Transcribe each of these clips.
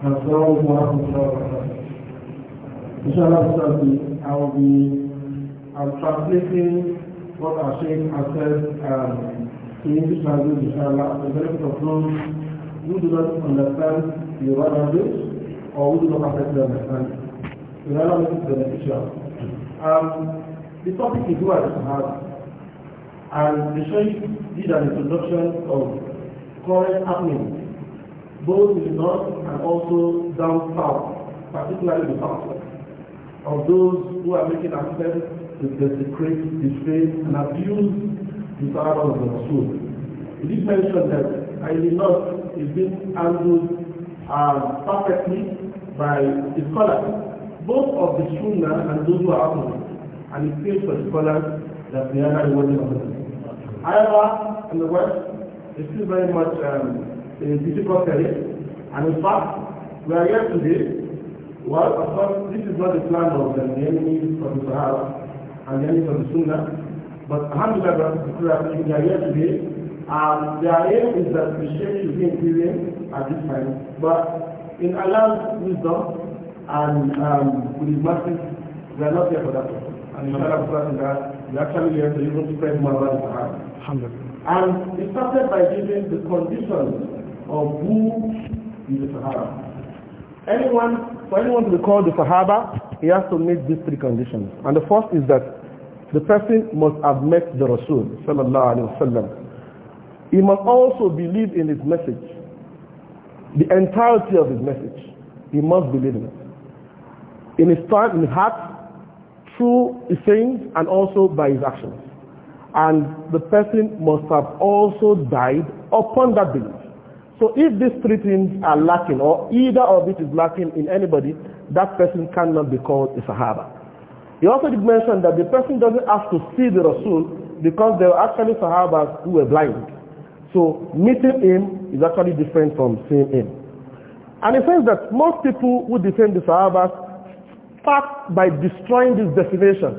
السلام ورحمة الله وبركاته. Inshallah, Sabi, I will be I'm translating what our Sheikh has said um, to English language, inshallah, the benefit of those who do not understand the Yoruba language or who do not perfectly understand it. So that will make beneficial. Um, the topic is who I just had, and the Sheikh did an introduction of current happenings both in the north and also down south, particularly the south, of those who are making attempts to desecrate, deface, and abuse the power of the Rasul. It is mentioned that in is being handled uh, perfectly by the scholars, both of the Sunnah and those who are opposite. And it seems for the scholars that they are not working. of it. However, in the West, it's still very much um, in difficult terrain. And in fact, we are here today. Well, of course, this is not the plan of the enemies of the Sahara and the enemy of the Sunnah. But Alhamdulillah, we are here today. And their aim is that the Sheikh should be in at this time. But in Allah's wisdom and um, with His mercy, we are not here for that. And inshallah, we are actually here to even spread more about the Sahara. And it started by giving the conditions of who is the Sahaba. Anyone, for anyone to be called the Sahaba, he has to meet these three conditions. And the first is that the person must have met the Rasul sallallahu wasallam. He must also believe in his message, the entirety of his message. He must believe in it, in his time, in his heart, through his sayings, and also by his actions. And the person must have also died upon that belief. So if these three things are lacking or either of it is lacking in anybody, that person cannot be called a Sahaba. He also did mention that the person doesn't have to see the Rasul because there were actually Sahabas who were blind. So meeting him is actually different from seeing him. And he says that most people who defend the Sahabas start by destroying this definition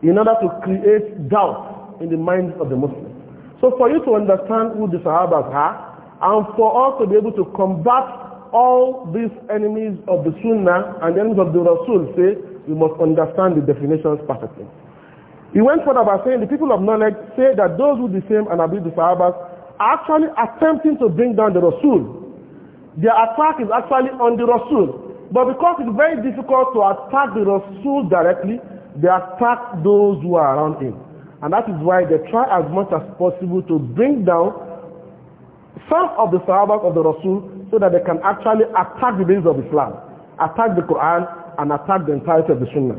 in order to create doubt in the minds of the Muslims. So for you to understand who the Sahabas are, and for us to be able to combat all these enemies of the Sunnah and the enemies of the Rasul say we must understand the definitions perfectly. He went further by saying the people of knowledge say that those who defame and abuse the Sahabas are actually attempting to bring down the Rasul. Their attack is actually on the Rasul. But because it's very difficult to attack the Rasul directly, they attack those who are around him. And that is why they try as much as possible to bring down some of the Sahabas of the Rasul so that they can actually attack the base of Islam, attack the Quran, and attack the entirety of the Sunnah.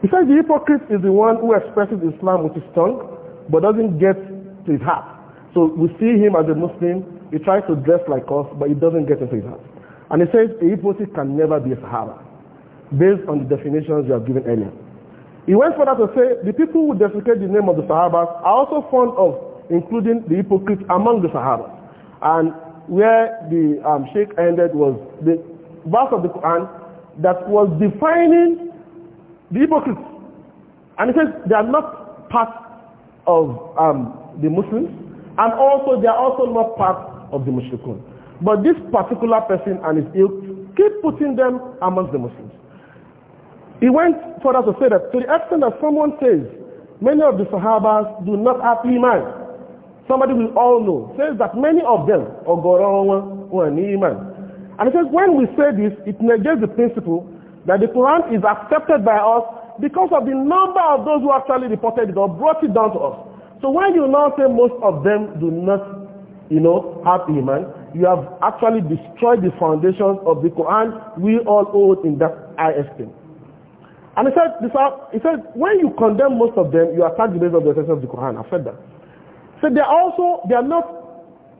He says the hypocrite is the one who expresses Islam with his tongue but doesn't get to his heart. So we see him as a Muslim, he tries to dress like us, but he doesn't get into his heart. And he says a hypocrite can never be a Sahaba, based on the definitions you have given earlier. He went further to say the people who desecrate the name of the Sahabas are also fond of including the hypocrites among the Sahaba. And where the um, Sheikh ended was the verse of the Quran that was defining the hypocrites. And it says they are not part of um, the Muslims and also they are also not part of the Mushrikun. But this particular person and his ilk keep putting them amongst the Muslims. He went further to say that to the extent that someone says many of the Sahabas do not have Iman, somebody we all know, says that many of them, Ogorowa, Iman. And he says, when we say this, it negates the principle that the Quran is accepted by us because of the number of those who actually reported it or brought it down to us. So when you now say most of them do not, you know, have Iman, you have actually destroyed the foundations of the Quran we all hold in that high esteem. And he said, he said, when you condemn most of them, you attack the base of the essence of the Quran. I've said that. So they are also, they are not,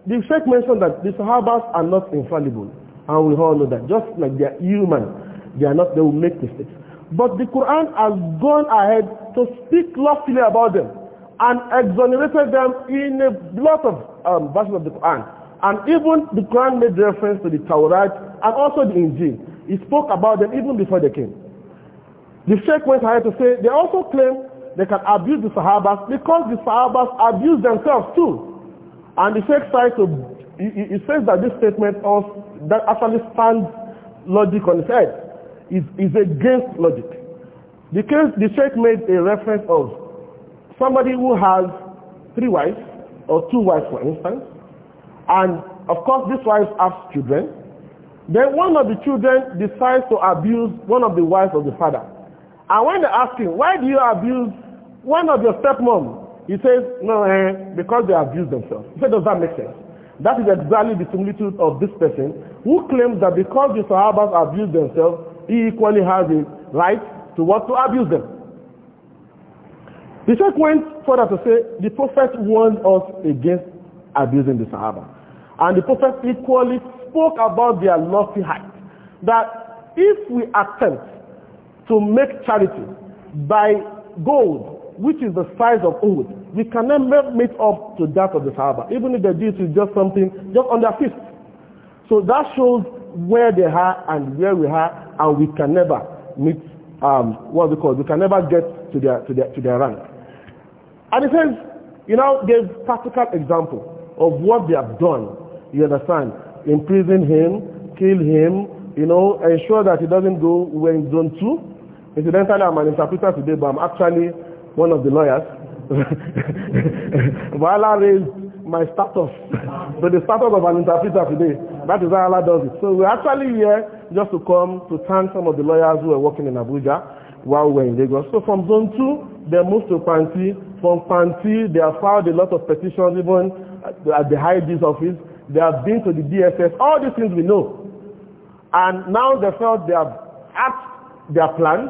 the Sheikh mentioned that the Sahabas are not infallible. And we all know that. Just like they are human, they are not, they will make mistakes. But the Quran has gone ahead to speak loftily about them and exonerated them in a lot of um, verses of the Quran. And even the Quran made reference to the Torah and also the Injil. He spoke about them even before they came. The Sheikh went ahead to say, they also claim they can abuse the Sahabas because the Sahabas abuse themselves too. And the Sheikh tries to, he, he, says that this statement of that actually stands logic on its head. Is is against logic. Because the Sheikh made a reference of somebody who has three wives, or two wives for instance, and of course these wives have children. Then one of the children decides to abuse one of the wives of the father. And when they ask him, why do you abuse One of your stepmom, he says, no, eh, because they abuse themselves. He said, does that make sense? That is exactly the similitude of this person who claims that because the Sahabas abuse themselves, he equally has a right to what? To abuse them. The Sheikh went further to say, the Prophet warned us against abusing the Sahaba. And the Prophet equally spoke about their lofty height. That if we attempt to make charity by gold which is the size of Uhud, we cannot meet up to that of the Sahaba, even if they did with just something, just on their fist. So that shows where they are and where we are, and we can never meet, um, what we call, we can never get to their, to their, to their rank. And it says, you know, there's practical example of what they have done, you understand, imprison him, kill him, you know, ensure that he doesn't go, When he's going to. two. Incidentally, I'm an interpreter today, but I'm actually one of the lawyers, I raised my status to the status of an interpreter today. That is how Allah does it. So we're actually here just to come to thank some of the lawyers who were working in Abuja while we were in Lagos. So from zone two, they moved to Panti. From Panti, they have filed a lot of petitions even at the high D's office. They have been to the DSS, all these things we know. And now they felt they have asked their plans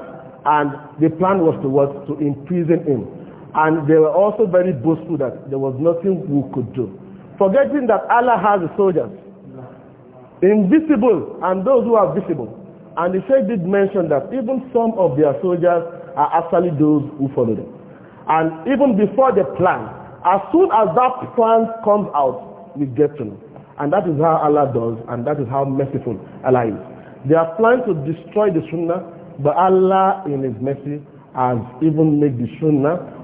And the plan was to, was to imprison him. And they were also very boastful that there was nothing we could do. Forgetting that Allah has the soldiers, invisible and those who are visible. And the Shaykh did mention that even some of their soldiers are actually those who follow them. And even before the plan, as soon as that plan comes out, we get to know. And that is how Allah does, and that is how merciful Allah is. They are planning to destroy the Sunnah But Allah in His mercy has even made the sunnah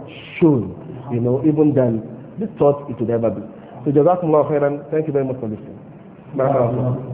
shown, you know, even than the thought it would ever be. So Jazakumullah khairan. Thank you very much for listening. Bye.